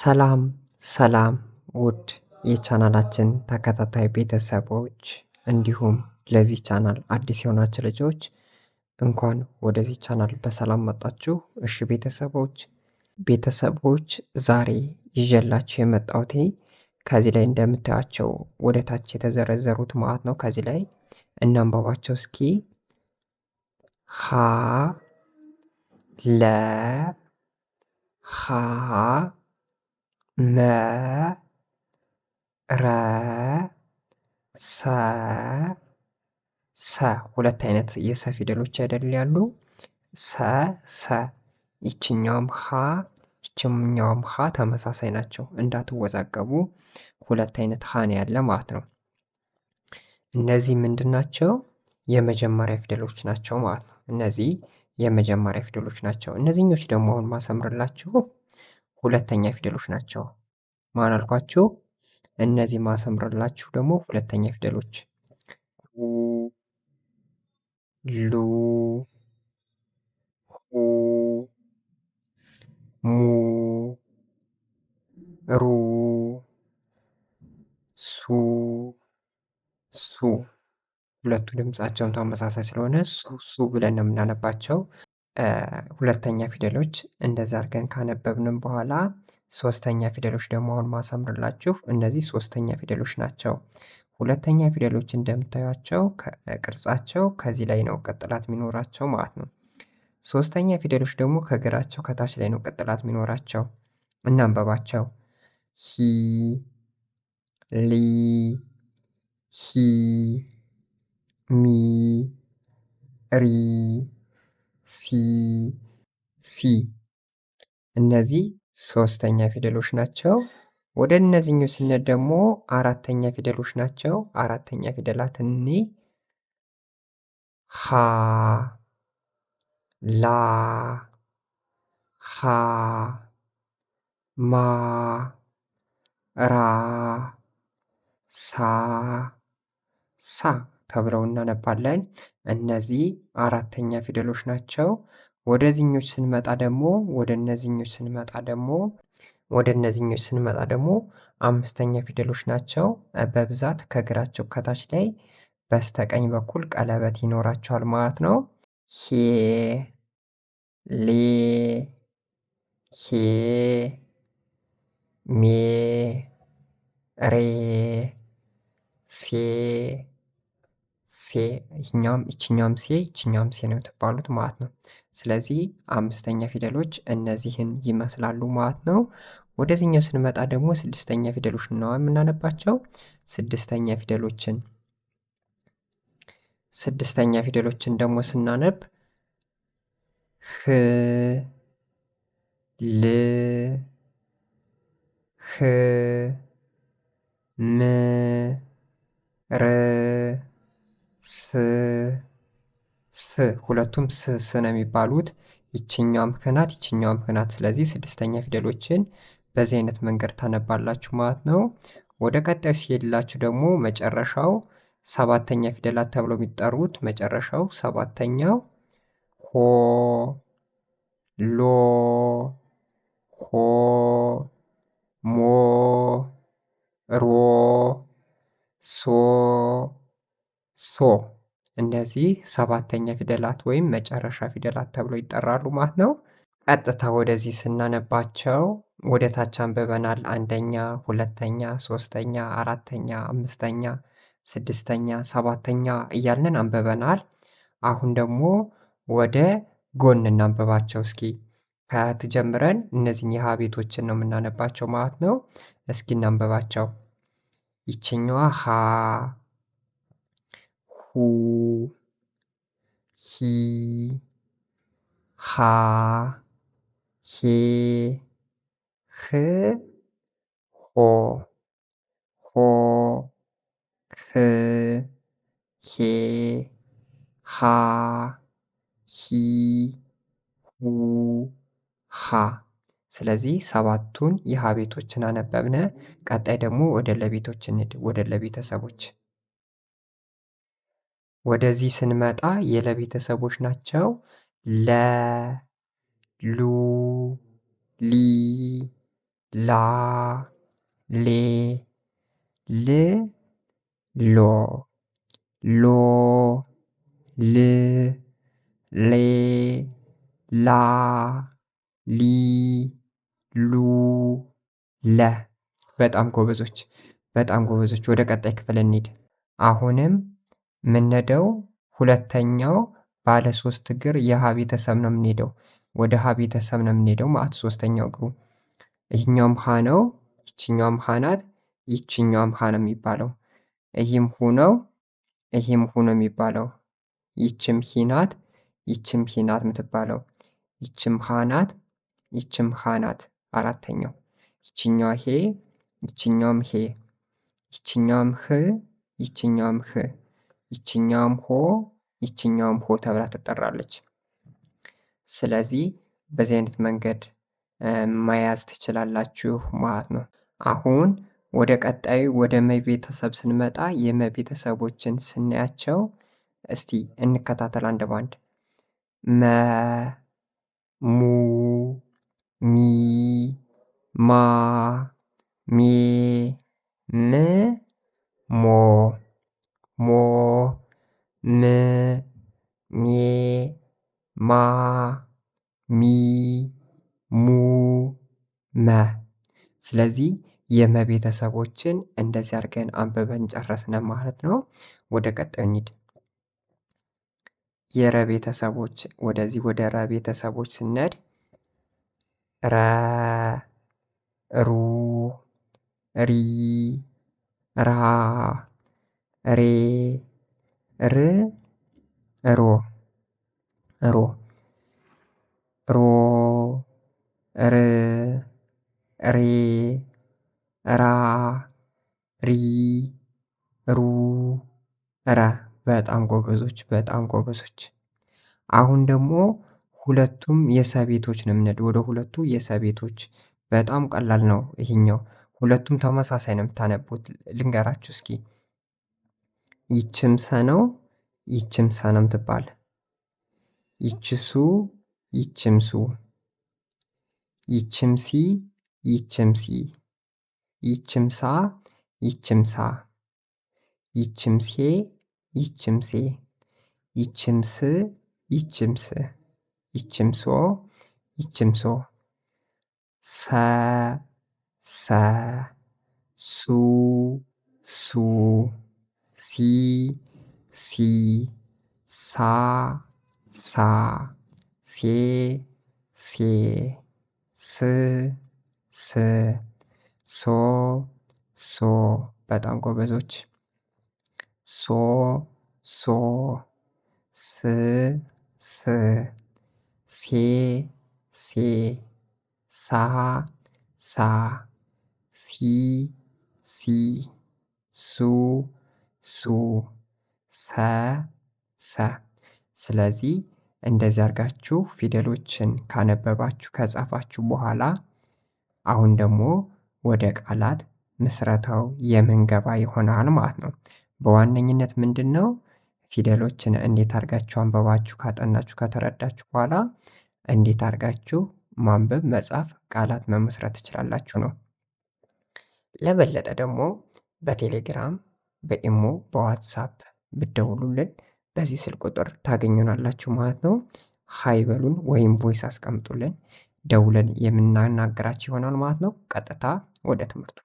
ሰላም ሰላም ውድ የቻናላችን ተከታታይ ቤተሰቦች እንዲሁም ለዚህ ቻናል አዲስ የሆናችሁ ልጆች እንኳን ወደዚህ ቻናል በሰላም መጣችሁ። እሺ ቤተሰቦች ቤተሰቦች ዛሬ ይዤላችሁ የመጣሁት ከዚህ ላይ እንደምታያቸው ወደ ታች የተዘረዘሩት ማለት ነው። ከዚህ ላይ እናንባባቸው እስኪ ሀ ለ ሀ መረሰሰ ሁለት አይነት የሰ ፊደሎች አይደል ያሉ ሰ ሰ ይችኛውም ሀ ይችኛውም ሀ ተመሳሳይ ናቸው። እንዳትወዛገቡ ሁለት አይነት ሀ ነው ያለ ማለት ነው። እነዚህ ምንድን ናቸው? የመጀመሪያ ፊደሎች ናቸው ማለት ነው። እነዚህ የመጀመሪያ ፊደሎች ናቸው። እነዚህኞች ደግሞ አሁን ማሰምርላችሁ ሁለተኛ ፊደሎች ናቸው። ማን አልኳችሁ? እነዚህ ማሰምርላችሁ ደግሞ ሁለተኛ ፊደሎች ሉ፣ ሁ፣ ሙ፣ ሩ፣ ሱ፣ ሱ ሁለቱ ድምጻቸውን ተመሳሳይ ስለሆነ ሱ ሱ ብለን ነው የምናነባቸው። ሁለተኛ ፊደሎች እንደዛ አድርገን ካነበብንም በኋላ ሶስተኛ ፊደሎች ደግሞ አሁን ማሳምርላችሁ እነዚህ ሶስተኛ ፊደሎች ናቸው። ሁለተኛ ፊደሎች እንደምታዩቸው ቅርጻቸው ከዚህ ላይ ነው ቀጥላት የሚኖራቸው ማለት ነው። ሶስተኛ ፊደሎች ደግሞ ከግራቸው ከታች ላይ ነው ቀጥላት የሚኖራቸው። እናንበባቸው ሂ ሊ ሂ ሚ ሪ ሲ ሲ እነዚህ ሶስተኛ ፊደሎች ናቸው። ወደ እነዚህኛው ስንሄድ ደግሞ አራተኛ ፊደሎች ናቸው። አራተኛ ፊደላት እኒ ሀ ላ ሀ ማ ራ ሳ ሳ ተብለው እናነባለን። እነዚህ አራተኛ ፊደሎች ናቸው። ወደዚኞች ስንመጣ ደግሞ ወደ እነዚኞች ስንመጣ ደግሞ ወደ እነዚኞች ስንመጣ ደግሞ አምስተኛ ፊደሎች ናቸው። በብዛት ከእግራቸው ከታች ላይ በስተቀኝ በኩል ቀለበት ይኖራቸዋል ማለት ነው። ሄ ሌ ሄ ሜ ሬ ሴ ሴ ይህኛውም ይችኛውም ሴ ይችኛውም ሴ ነው የተባሉት ማለት ነው። ስለዚህ አምስተኛ ፊደሎች እነዚህን ይመስላሉ ማለት ነው። ወደዚህኛው ስንመጣ ደግሞ ስድስተኛ ፊደሎች ነው የምናነባቸው። ስድስተኛ ፊደሎችን ስድስተኛ ፊደሎችን ደግሞ ስናነብ ህ ል ህ ም ር ስ ስ ሁለቱም ስ ስ ነው የሚባሉት። ይችኛውም ክናት ይችኛውም ክናት። ስለዚህ ስድስተኛ ፊደሎችን በዚህ አይነት መንገድ ታነባላችሁ ማለት ነው። ወደ ቀጣዩ ሲሄድላችሁ ደግሞ መጨረሻው ሰባተኛ ፊደላት ተብለው የሚጠሩት መጨረሻው ሰባተኛው ሆ ሎ ሆ ሞ ሮ ሶ እነዚህ ሰባተኛ ፊደላት ወይም መጨረሻ ፊደላት ተብለው ይጠራሉ ማለት ነው። ቀጥታ ወደዚህ ስናነባቸው ወደ ታች አንብበናል። አንደኛ፣ ሁለተኛ፣ ሶስተኛ፣ አራተኛ፣ አምስተኛ፣ ስድስተኛ፣ ሰባተኛ እያልንን አንብበናል። አሁን ደግሞ ወደ ጎን እናንብባቸው እስኪ። ከሀያት ጀምረን እነዚህን የሀ ቤቶችን ነው የምናነባቸው ማለት ነው። እስኪ እናንብባቸው። ይችኛዋ ሃ ሁ ሂ ሃ ሄ ህ ሆ ሆ ህ ሄ ሃ ሂ ሁ ሃ ስለዚህ ሰባቱን የሀ ቤቶችን አነበብነ ቀጣይ ደግሞ ወደ ለ እንሂድ ወደ ለ ወደዚህ ስንመጣ የለ ቤተሰቦች ናቸው። ለ ሉ ሊ ላ ሌ ል ሎ ሎ ል ሌ ላ ሊ ሉ ለ በጣም ጎበዞች፣ በጣም ጎበዞች። ወደ ቀጣይ ክፍል እንሂድ አሁንም የምንሄደው ሁለተኛው ባለ ሶስት እግር የሀ ቤተሰብ ነው የምንሄደው። ወደ ሀ ቤተሰብ ነው የምንሄደው ማለት ሶስተኛው እግሩ ይህኛውም ሀ ነው፣ ይችኛውም ሀ ናት፣ ይችኛውም ሀ ነው የሚባለው። ይህም ሁ ነው፣ ይህም ሁ ነው የሚባለው። ይችም ሂ ናት፣ ይችም ሂ ናት የምትባለው። ይችም ሀ ናት፣ ይችም ሀ ናት። አራተኛው ይችኛው ሄ፣ ይችኛውም ሄ፣ ይችኛውም ህ፣ ይችኛውም ህ ይችኛውም ሆ ይችኛውም ሆ ተብላ ትጠራለች። ስለዚህ በዚህ አይነት መንገድ መያዝ ትችላላችሁ ማለት ነው። አሁን ወደ ቀጣዩ ወደ መቤተሰብ ቤተሰብ ስንመጣ የመቤተሰቦችን ቤተሰቦችን ስናያቸው እስቲ እንከታተል አንድ ባንድ መ ሙ ሚ ማ ሜ ም ሞ ሞ ም ሜ ማ ሚ ሙ መ ስለዚህ የመ ቤተሰቦችን እንደዚህ አድርገን አንብበን ጨረስን ማለት ነው። ወደ ቀጣዩ እንሂድ። የረ ቤተሰቦች ወደዚህ ወደ ረ ቤተሰቦች ስንሄድ ረ ሩ ሪ ራ ሬ ር ሮ ሮ ሮ ር ሬ ራ ሪ ሩ ረ በጣም ጎበዞች በጣም ጎበዞች። አሁን ደግሞ ሁለቱም የሰቤቶች ቤቶች ነው የምንሄድ ወደ ሁለቱ የሰቤቶች። በጣም ቀላል ነው ይሄኛው ሁለቱም ተመሳሳይ ነው የምታነቡት ልንገራችሁ እስኪ ይችም ሰ ነው ይችም ሰ ነው የምትባል። ይችሱ ይችም ሱ ይችም ሲ ይችም ሲ ይችም ሳ ይችም ሳ ይችም ሴ ይችም ሴ ይችም ስ ይችም ስ ይችም ሶ ይችም ሶ ሰ ሰ ሱ ሱ ሲ ሲ ሳ ሳ ሴ ሴ ስ ስ ሶ ሶ በጣም ጎበዞች። ሶ ሶ ስ ስ ሴ ሴ ሳ ሳ ሲ ሲ ሱ ሱ ሰ ሰ ስለዚህ እንደዚህ አድርጋችሁ ፊደሎችን ካነበባችሁ ከጻፋችሁ በኋላ አሁን ደግሞ ወደ ቃላት ምስረታው የምንገባ ይሆናል ማለት ነው። በዋነኝነት ምንድን ነው ፊደሎችን እንዴት አርጋችሁ አንበባችሁ ካጠናችሁ ከተረዳችሁ በኋላ እንዴት አድርጋችሁ ማንበብ መጻፍ ቃላት መመስረት ትችላላችሁ ነው። ለበለጠ ደግሞ በቴሌግራም በኢሞ በዋትሳፕ ብደውሉልን በዚህ ስልክ ቁጥር ታገኙናላችሁ ማለት ነው። ሀይ በሉን ወይም ቮይስ አስቀምጡልን ደውለን የምናናገራችሁ ይሆናል ማለት ነው። ቀጥታ ወደ ትምህርቱ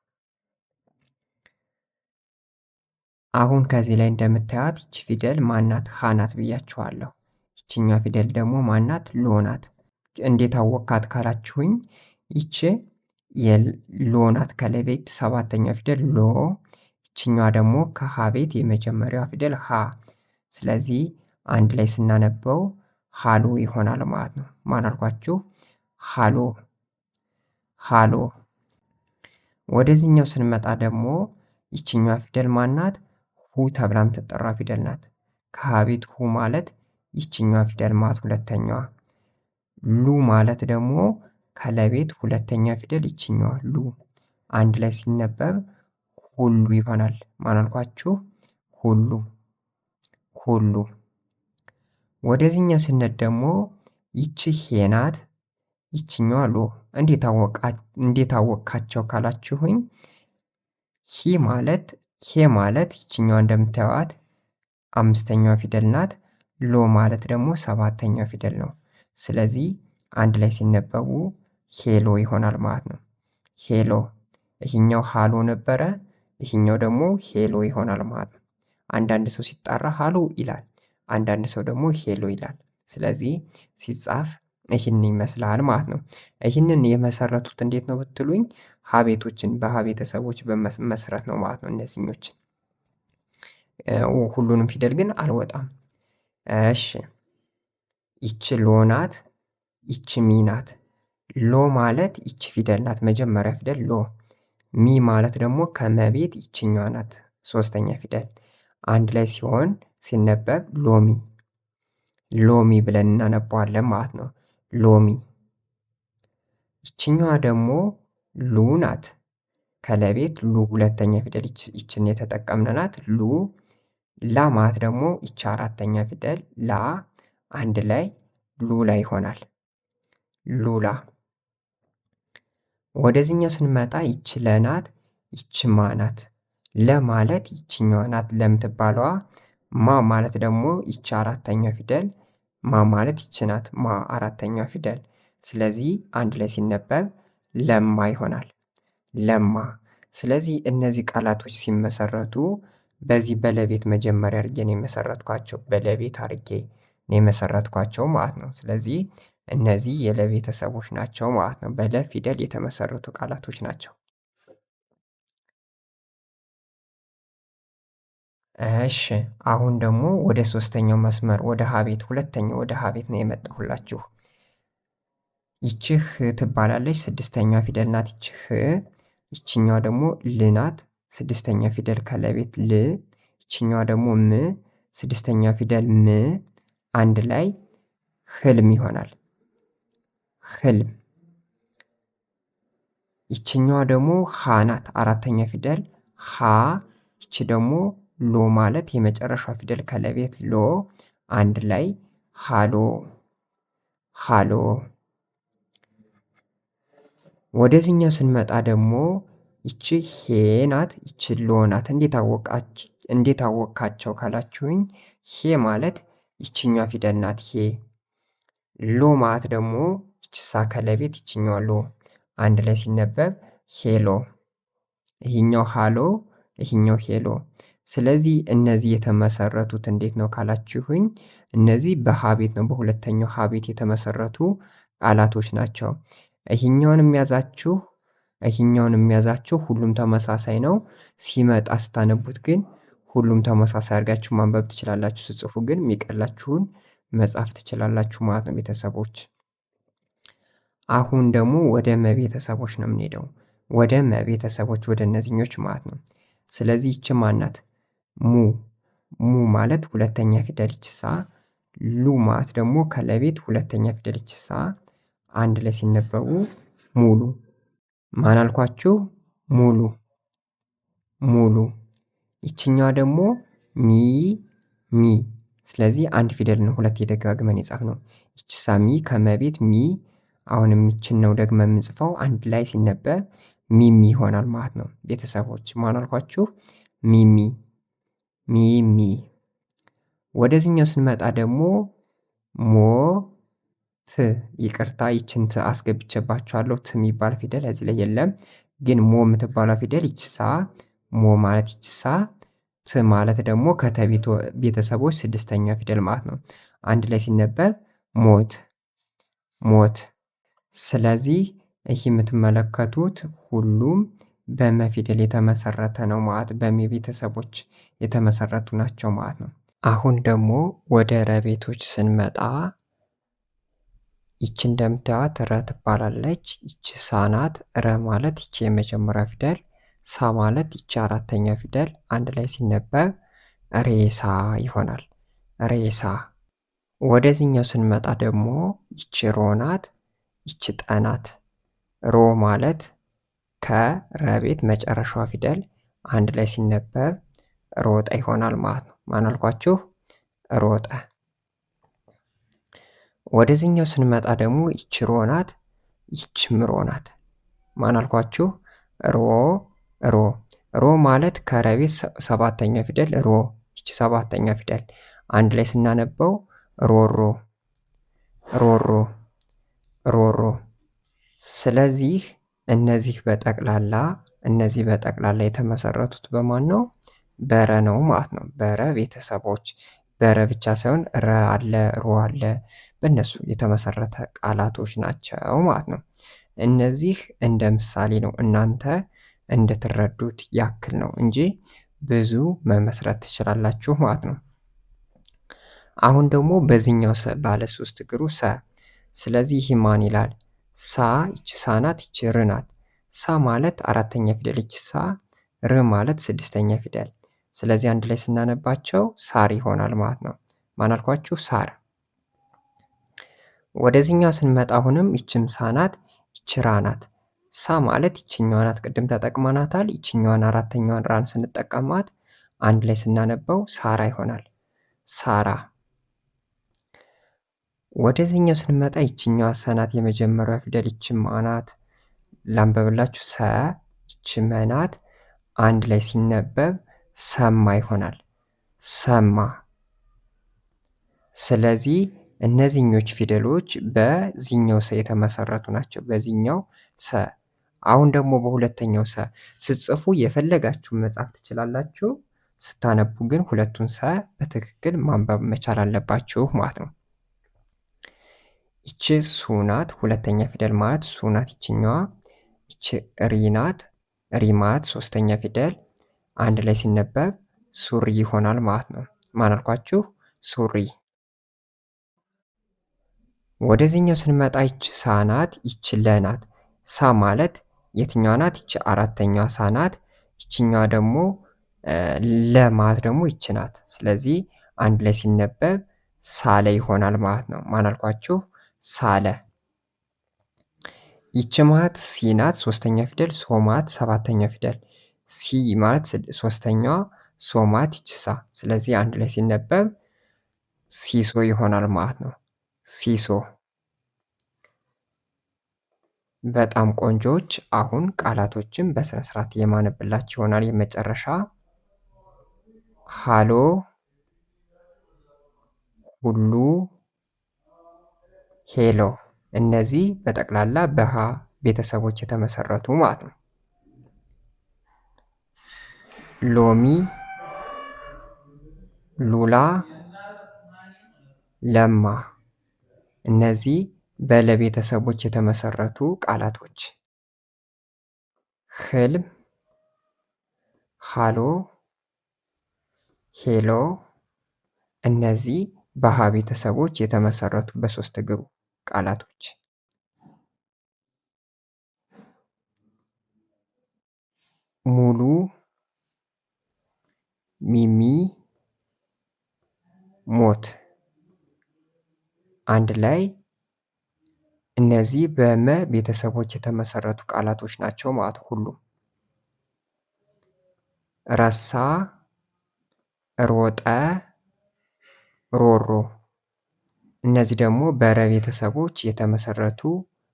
አሁን ከዚህ ላይ እንደምታያት ይቺ ፊደል ማናት? ሀናት ብያችኋለሁ። ይችኛ ፊደል ደግሞ ማናት? ሎናት። እንዴት አወካት ካላችሁኝ ይቺ የሎናት ከለቤት ሰባተኛ ፊደል ሎ ችኛዋ ደግሞ ከሀ ቤት የመጀመሪያዋ ፊደል ሀ። ስለዚህ አንድ ላይ ስናነበው ሀሎ ይሆናል ማለት ነው። ማን አልኳችሁ? ሀሎ ሀሎ። ወደዚህኛው ስንመጣ ደግሞ ይችኛዋ ፊደል ማናት? ሁ ተብላ የምትጠራ ፊደል ናት። ከሀ ቤት ሁ ማለት ይችኛዋ ፊደል ማለት ሁለተኛዋ። ሉ ማለት ደግሞ ከለቤት ሁለተኛ ፊደል ይችኛዋ ሉ። አንድ ላይ ሲነበብ ሁሉ ይሆናል። ማን አልኳችሁ? ሁሉ ሁሉ። ወደዚህኛው ስነት ደግሞ ይቺ ሄ ናት። ይችኛዋ ሎ እንዴት አወቃቸው ካላችሁኝ ሂ ማለት ሄ ማለት ይችኛዋ እንደምታዩት አምስተኛዋ ፊደል ናት። ሎ ማለት ደግሞ ሰባተኛው ፊደል ነው። ስለዚህ አንድ ላይ ሲነበቡ ሄሎ ይሆናል ማለት ነው። ሄሎ። ይህኛው ሃሎ ነበረ። ይህኛው ደግሞ ሄሎ ይሆናል ማለት ነው። አንዳንድ ሰው ሲጣራ ሃሎ ይላል፣ አንዳንድ ሰው ደግሞ ሄሎ ይላል። ስለዚህ ሲጻፍ ይህን ይመስላል ማለት ነው። ይህንን የመሰረቱት እንዴት ነው ብትሉኝ ሀቤቶችን በሀቤተሰቦች በመስረት ነው ማለት ነው። እነዚህኞችን ሁሉንም ፊደል ግን አልወጣም። እሺ ይች ሎናት፣ ይች ሚናት። ሎ ማለት ይች ፊደል ናት። መጀመሪያ ፊደል ሎ ሚ ማለት ደግሞ ከመቤት ይችኛዋ ናት ሶስተኛ ፊደል አንድ ላይ ሲሆን ሲነበብ ሎሚ ሎሚ ብለን እናነባዋለን ማለት ነው። ሎሚ ይችኛዋ ደግሞ ሉ ናት። ከለቤት ሉ ሁለተኛ ፊደል ይችን የተጠቀምንናት ሉ። ላ ማለት ደግሞ ይቻ አራተኛ ፊደል ላ አንድ ላይ ሉላ ይሆናል። ሉላ ወደዚህኛው ስንመጣ ይች ለናት ይችማ ናት። ለማለት ይችኛዋ ናት ለምትባለዋ ማ ማለት ደግሞ ይች አራተኛው ፊደል ማ ማለት ይች ናት። ማ አራተኛው ፊደል። ስለዚህ አንድ ላይ ሲነበብ ለማ ይሆናል። ለማ። ስለዚህ እነዚህ ቃላቶች ሲመሰረቱ በዚህ በለቤት መጀመሪያ አድርጌ ነው የመሰረትኳቸው። በለቤት አድርጌ ነው የመሰረትኳቸው ማለት ነው። ስለዚህ እነዚህ የለቤተሰቦች ናቸው ማለት ነው። በለ ፊደል የተመሰረቱ ቃላቶች ናቸው። እሺ አሁን ደግሞ ወደ ሶስተኛው መስመር ወደ ሀቤት ሁለተኛው ወደ ሀቤት ነው የመጣሁላችሁ። ይችህ ትባላለች ስድስተኛ ፊደል ናት። ይችህ ይችኛዋ ደግሞ ል ናት። ስድስተኛ ፊደል ከለቤት ል። ይችኛዋ ደግሞ ም ስድስተኛ ፊደል ም አንድ ላይ ህልም ይሆናል። ህልም። ይችኛዋ ደግሞ ሃ ናት። አራተኛ ፊደል ሃ ይች ደግሞ ሎ ማለት የመጨረሻዋ ፊደል ከለቤት ሎ አንድ ላይ ሃሎ ሃሎ። ወደዚህኛው ስንመጣ ደግሞ ይቺ ሄ ናት። ይቺ ሎ ናት። እንዴት አወቃቸው ካላችሁኝ ሄ ማለት ይችኛዋ ፊደል ናት ሄ ሎ ማለት ደግሞ ቺሳ ከለቤት ይችኛው ሎ አንድ ላይ ሲነበብ ሄሎ፣ ይህኛው ሃሎ፣ ይህኛው ሄሎ። ስለዚህ እነዚህ የተመሰረቱት እንዴት ነው ካላችሁኝ፣ እነዚህ በሃ ቤት ነው በሁለተኛው ሃ ቤት የተመሰረቱ ቃላቶች ናቸው። ይህኛውን የሚያዛችሁ ይህኛውን የሚያዛችሁ ሁሉም ተመሳሳይ ነው። ሲመጣ ስታነቡት ግን ሁሉም ተመሳሳይ አድርጋችሁ ማንበብ ትችላላችሁ። ስጽፉ ግን የሚቀላችሁን መጻፍ ትችላላችሁ ማለት ነው ቤተሰቦች አሁን ደግሞ ወደ መቤተሰቦች ነው የምንሄደው። ወደ መቤተሰቦች ወደ እነዚኞች ማለት ነው። ስለዚህ ይች ማናት? ሙ ሙ ማለት ሁለተኛ ፊደል ሳ። ሉ ማለት ደግሞ ከለቤት ሁለተኛ ፊደል ሳ። አንድ ላይ ሲነበቡ ሙሉ። ማን አልኳችሁ? ሙሉ ሙሉ። ይችኛዋ ደግሞ ሚ ሚ። ስለዚህ አንድ ፊደል ነው ሁለት የደጋግመን የጻፍ ነው። ይችሳ ሚ ከመቤት ሚ አሁንም ይችን ነው ደግሞ የምጽፈው አንድ ላይ ሲነበብ ሚሚ ይሆናል ማለት ነው። ቤተሰቦች ማን አልኳችሁ? ሚሚ ሚሚ። ወደዚህኛው ስንመጣ ደግሞ ሞ ት ይቅርታ፣ ይችን ት አስገብቼባችኋለሁ። ት የሚባል ፊደል እዚህ ላይ የለም፣ ግን ሞ የምትባለው ፊደል ይችሳ ሞ ማለት ይችሳ ት ማለት ደግሞ ከተ ቤተሰቦች ስድስተኛ ፊደል ማለት ነው። አንድ ላይ ሲነበብ ሞት ሞት ስለዚህ ይህ የምትመለከቱት ሁሉም በመፊደል የተመሰረተ ነው ማለት በሚቤተሰቦች የተመሰረቱ ናቸው ማለት ነው። አሁን ደግሞ ወደ ረቤቶች ቤቶች ስንመጣ ይቺ እንደምታዩት ረ ትባላለች። ይቺ ሳ ናት። ረ ማለት ይቺ የመጀመሪያ ፊደል፣ ሳ ማለት ይቺ አራተኛ ፊደል፣ አንድ ላይ ሲነበብ ሬሳ ይሆናል። ሬሳ። ወደዚህኛው ስንመጣ ደግሞ ይቺ ሮ ናት። ይች ጠናት ሮ ማለት ከረቤት መጨረሻዋ ፊደል አንድ ላይ ሲነበብ ሮጠ ይሆናል ማለት ነው። ማናልኳችሁ ሮጠ። ወደዚህኛው ስንመጣ ደግሞ ይች ሮ ናት። ይችም ናት። ማናልኳችሁ ሮ ሮ ሮ ማለት ከረቤት ሰባተኛ ፊደል ሮ ይች ሰባተኛ ፊደል አንድ ላይ ስናነበው ሮሮ ሮሮ ሮሮ ስለዚህ እነዚህ በጠቅላላ እነዚህ በጠቅላላ የተመሰረቱት በማን ነው? በረ ነው ማለት ነው። በረ ቤተሰቦች በረ ብቻ ሳይሆን ረ አለ፣ ሮ አለ በእነሱ የተመሰረተ ቃላቶች ናቸው ማለት ነው። እነዚህ እንደ ምሳሌ ነው እናንተ እንድትረዱት ያክል ነው እንጂ ብዙ መመስረት ትችላላችሁ ማለት ነው። አሁን ደግሞ በዚህኛው ባለ ሶስት እግሩ ሰ ስለዚህ ይህ ማን ይላል? ሳ ይች ሳ ናት፣ ይች ር ናት። ሳ ማለት አራተኛ ፊደል ይች ሳ፣ ር ማለት ስድስተኛ ፊደል። ስለዚህ አንድ ላይ ስናነባቸው ሳር ይሆናል ማለት ነው። ማን አልኳችሁ? ሳር። ወደዚህኛው ስንመጣ አሁንም ይችም ሳ ናት፣ ይች ራ ናት። ሳ ማለት ይችኛዋ ናት፣ ቅድም ተጠቅመናታል። ይችኛዋን አራተኛዋን ራን ስንጠቀማት አንድ ላይ ስናነበው ሳራ ይሆናል። ሳራ ወደዚህኛው ስንመጣ ይችኛዋ ሰናት የመጀመሪያ ፊደል ይች ማናት ላንበብላችሁ ሰ ይች መናት አንድ ላይ ሲነበብ ሰማ ይሆናል። ሰማ። ስለዚህ እነዚህኞች ፊደሎች በዚህኛው ሰ የተመሰረቱ ናቸው። በዚህኛው ሰ። አሁን ደግሞ በሁለተኛው ሰ ስትጽፉ የፈለጋችሁን መጻፍ ትችላላችሁ። ስታነቡ ግን ሁለቱን ሰ በትክክል ማንበብ መቻል አለባችሁ ማለት ነው። ይች ሱ ናት። ሁለተኛ ፊደል ማለት ሱ ናት። ይችኛዋ ይቺ ሪ ናት። ሪ ማለት ሶስተኛ ፊደል አንድ ላይ ሲነበብ ሱሪ ይሆናል ማለት ነው። ማን አልኳችሁ? ሱሪ። ወደዚህኛው ስንመጣ ይች ሳ ናት። ይቺ ለ ናት። ሳ ማለት የትኛዋ ናት? ይቺ አራተኛዋ ሳ ናት። ይችኛዋ ደግሞ ለ ማለት ደግሞ ይቺ ናት። ስለዚህ አንድ ላይ ሲነበብ ሳለ ይሆናል ማለት ነው። ማን አልኳችሁ? ሳለ። ይቺ ማት ሲ ናት ሶስተኛ ፊደል። ሶ ማት ሰባተኛ ፊደል። ሲ ማለት ሶስተኛዋ፣ ሶ ማት ስለዚህ አንድ ላይ ሲነበብ ሲሶ ይሆናል ማለት ነው። ሲሶ። በጣም ቆንጆዎች። አሁን ቃላቶችን በስነ ስርዓት የማነብላችሁ ይሆናል። የመጨረሻ ሃሎ ሁሉ ሄሎ እነዚህ በጠቅላላ በሀ ቤተሰቦች የተመሰረቱ ማለት ነው። ሎሚ፣ ሉላ፣ ለማ እነዚህ በለቤተሰቦች የተመሰረቱ ቃላቶች ህልም፣ ሃሎ፣ ሄሎ እነዚህ በሀ ቤተሰቦች የተመሰረቱ በሶስት እግሩ ቃላቶች ሙሉ ሚሚ ሞት አንድ ላይ እነዚህ በመ ቤተሰቦች የተመሰረቱ ቃላቶች ናቸው ማለት ሁሉም። ረሳ፣ ሮጠ፣ ሮሮ እነዚህ ደግሞ በረ ቤተሰቦች የተመሰረቱ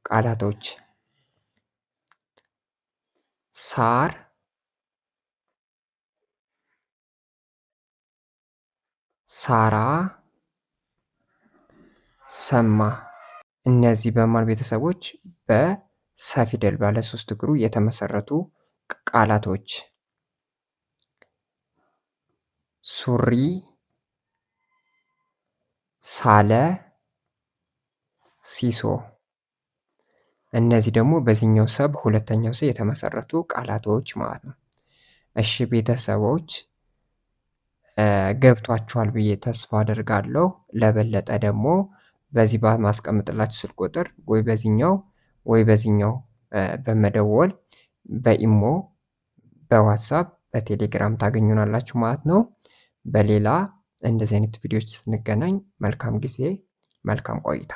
ቃላቶች ሳር ሳራ ሰማ እነዚህ በማር ቤተሰቦች በሰፊደል ባለ ሶስት እግሩ የተመሰረቱ ቃላቶች ሱሪ ሳለ፣ ሲሶ እነዚህ ደግሞ በዚህኛው ሰ በሁለተኛው ሰ የተመሰረቱ ቃላቶች ማለት ነው። እሺ ቤተሰቦች ገብቷችኋል ብዬ ተስፋ አደርጋለሁ። ለበለጠ ደግሞ በዚህ በማስቀምጥላችሁ ስልክ ቁጥር ወይ በዚህኛው ወይ በዚኛው በመደወል በኢሞ በዋትሳፕ በቴሌግራም ታገኙናላችሁ ማለት ነው። በሌላ እንደዚህ አይነት ቪዲዮዎች ስንገናኝ መልካም ጊዜ፣ መልካም ቆይታ